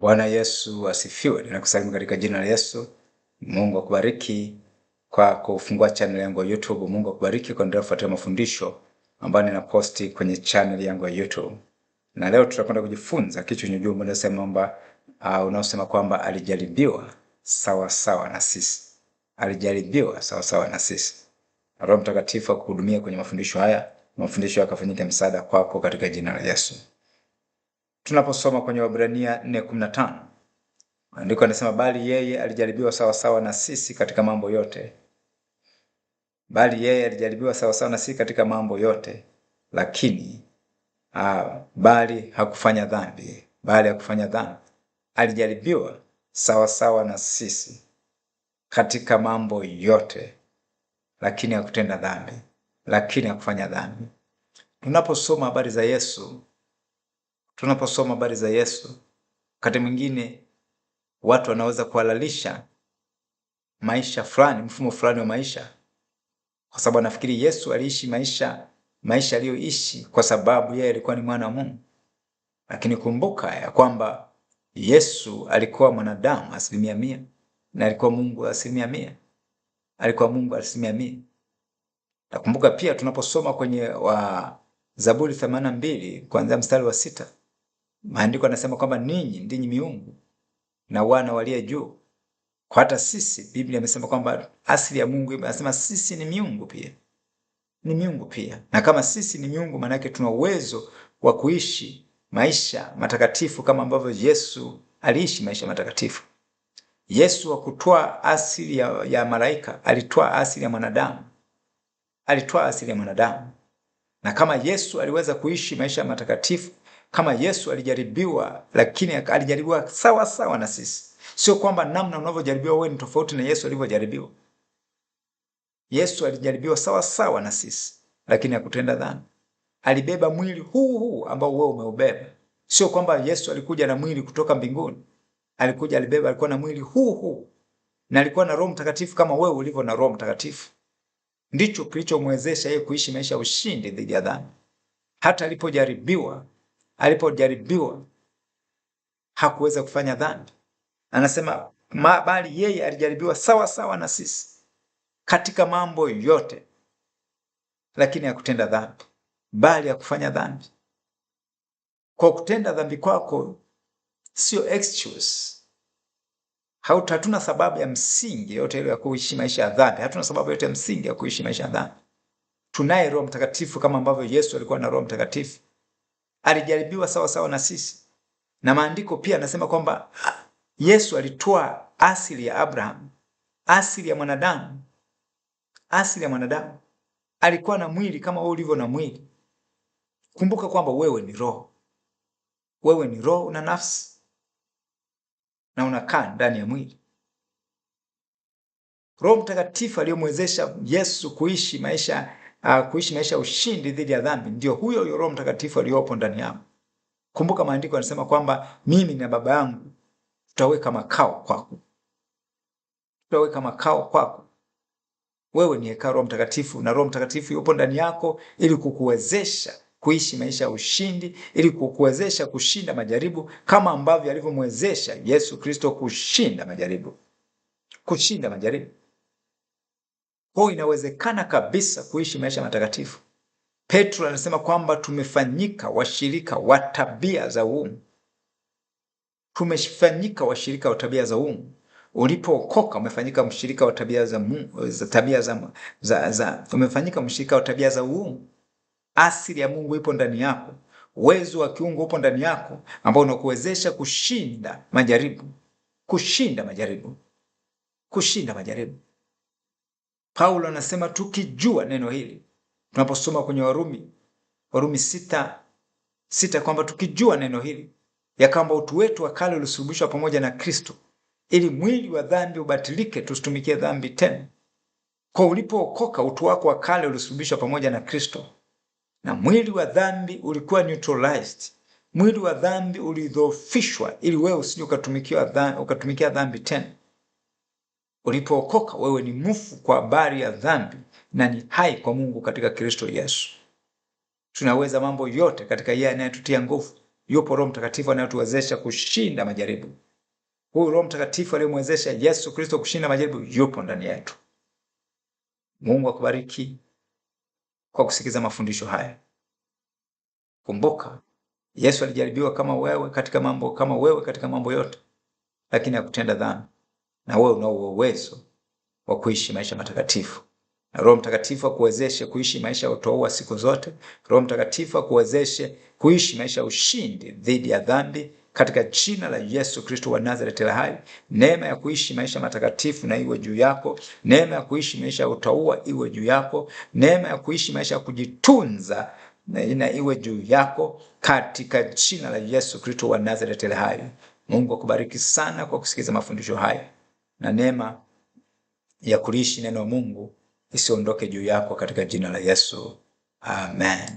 Bwana Yesu asifiwe. Ninakusalimu katika jina la Yesu. Mungu akubariki kwa kufungua channel yangu ya YouTube. Mungu akubariki kwa ndio kufuatia mafundisho ambayo ninaposti kwenye channel yangu ya YouTube. Na leo tutakwenda kujifunza kichwa chenye ujumbe unasema kwamba uh, unaosema kwamba alijaribiwa sawa sawa na sisi. Alijaribiwa sawa sawa na sisi. Roho Mtakatifu akuhudumia kwenye mafundisho haya, mafundisho yakafanyika msaada kwako katika jina la Yesu tunaposoma kwenye Waebrania 4:15. Maandiko yanasema bali yeye alijaribiwa sawasawa na sisi katika mambo yote, bali yeye alijaribiwa sawasawa na sisi katika mambo yote, lakini ah, bali hakufanya dhambi, bali hakufanya dhambi. Alijaribiwa sawasawa na sisi katika mambo yote, lakini hakutenda dhambi, lakini hakufanya dhambi. Tunaposoma habari za Yesu tunaposoma habari za Yesu, wakati mwingine watu wanaweza kuhalalisha maisha fulani, mfumo fulani wa maisha, kwa sababu anafikiri Yesu aliishi maisha maisha aliyoishi kwa sababu yeye alikuwa ni mwana wa Mungu. Lakini kumbuka ya kwamba Yesu alikuwa mwanadamu asilimia mia na alikuwa Mungu asilimia mia, alikuwa Mungu asilimia mia. Nakumbuka pia tunaposoma kwenye wa Zaburi 82 kuanzia mstari wa sita Maandiko anasema kwamba ninyi ndinyi miungu na wana walie juu. Kwa hata sisi Biblia imesema kwamba asili ya Mungu anasema sisi ni miungu pia, ni miungu pia. Na kama sisi ni miungu, maana yake tuna uwezo wa kuishi maisha matakatifu kama ambavyo Yesu aliishi maisha matakatifu. Yesu hakutwaa asili ya, ya malaika, alitoa asili ya mwanadamu, alitoa asili ya mwanadamu. Na kama Yesu aliweza kuishi maisha matakatifu kama Yesu alijaribiwa, lakini alijaribiwa sawa sawa na sisi. Sio kwamba namna unavyojaribiwa wewe ni tofauti na Yesu alivyojaribiwa. Yesu alijaribiwa sawa sawa na sisi, lakini hakutenda dhambi. Alibeba mwili huu huu ambao wewe umeubeba. Sio kwamba Yesu alikuja na mwili kutoka mbinguni, alikuja alibeba, alikuwa na mwili huu huu na alikuwa na Roho Mtakatifu kama wewe ulivyo na Roho Mtakatifu. Ndicho kilichomwezesha yeye kuishi maisha ya ushindi dhidi ya dhambi. Hata alipojaribiwa alipojaribiwa hakuweza kufanya dhambi. Anasema bali yeye alijaribiwa sawa sawa na sisi katika mambo yote, lakini hakutenda dhambi, bali hakufanya dhambi. Kwa kutenda dhambi kwako sio excuse Hauta, hatuna sababu ya msingi yote ile ya kuishi maisha ya dhambi. Hatuna sababu yote ya msingi ya kuishi maisha ya dhambi. Tunaye Roho Mtakatifu kama ambavyo Yesu alikuwa na Roho Mtakatifu alijaribiwa sawa sawa na sisi, na maandiko pia anasema kwamba ah, Yesu alitoa asili ya Abrahamu, asili ya mwanadamu, asili ya mwanadamu. Alikuwa na mwili kama wewe ulivyo na mwili. Kumbuka kwamba wewe ni roho, wewe ni roho, una nafsi na unakaa ndani ya mwili. Roho Mtakatifu aliyomwezesha Yesu kuishi maisha uh, kuishi maisha ya ushindi dhidi ya dhambi, ndio huyo huyo Roho Mtakatifu aliyopo ndani yangu. Kumbuka maandiko yanasema kwamba mimi na Baba yangu tutaweka makao kwako, tutaweka makao kwako. Wewe ni hekalu Roho Mtakatifu, na Roho Mtakatifu yupo ndani yako ili kukuwezesha kuishi maisha ya ushindi, ili kukuwezesha kushinda majaribu kama ambavyo alivyomwezesha Yesu Kristo kushinda majaribu, kushinda majaribu. Kwa hiyo inawezekana kabisa kuishi maisha matakatifu. Petro anasema kwamba tumefanyika washirika wa tabia za uungu, tumefanyika washirika wa tabia za uungu. Ulipookoka umefanyika mshirika wa tabia za Mungu, za tabia za, za, za, umefanyika mshirika wa tabia za uungu. Asili ya Mungu ipo ndani yako, uwezo wa kiungu upo ndani yako ambao unakuwezesha kushinda majaribu, kushinda majaribu, kushinda majaribu. Paulo anasema tukijua neno hili, tunaposoma kwenye Warumi, Warumi sita, sita kwamba tukijua neno hili ya kwamba utu wetu wa kale ulisulubishwa pamoja na Kristo ili mwili wa dhambi ubatilike tusitumikie dhambi tena. Kwa ulipookoka utu wako wa kale ulisulubishwa pamoja na Kristo na mwili wa dhambi ulikuwa neutralized. Mwili wa dhambi ulidhoofishwa ili wewe usije ukatumikia dhambi, ukatumikia dhambi tena. Ulipookoka wewe ni mufu kwa habari ya dhambi na ni hai kwa Mungu katika Kristo Yesu. Tunaweza mambo yote katika yeye anayetutia nguvu. Yupo Roho Mtakatifu anayetuwezesha kushinda majaribu. Huyu Roho Mtakatifu aliyemwezesha Yesu Kristo kushinda majaribu yupo ndani yetu. Mungu akubariki kwa kusikiza mafundisho haya. Kumbuka Yesu alijaribiwa kama wewe katika mambo, kama wewe katika mambo yote, lakini hakutenda dhambi na wewe unao uwezo wa kuishi maisha matakatifu, na Roho Mtakatifu akuwezeshe kuishi maisha ya utauwa siku zote. Roho Mtakatifu akuwezeshe kuishi maisha ya ushindi dhidi ya dhambi katika jina la Yesu Kristo wa Nazareti la hai. Neema ya kuishi maisha matakatifu na iwe juu yako. Neema ya kuishi maisha ya utauwa iwe juu yako. Neema ya kuishi maisha ya kujitunza na ina iwe juu yako katika jina la Yesu Kristo wa Nazareti la hai. Mungu akubariki sana kwa kusikiza mafundisho haya na neema ya kuliishi neno Mungu isiondoke juu yako katika jina la Yesu. Amen.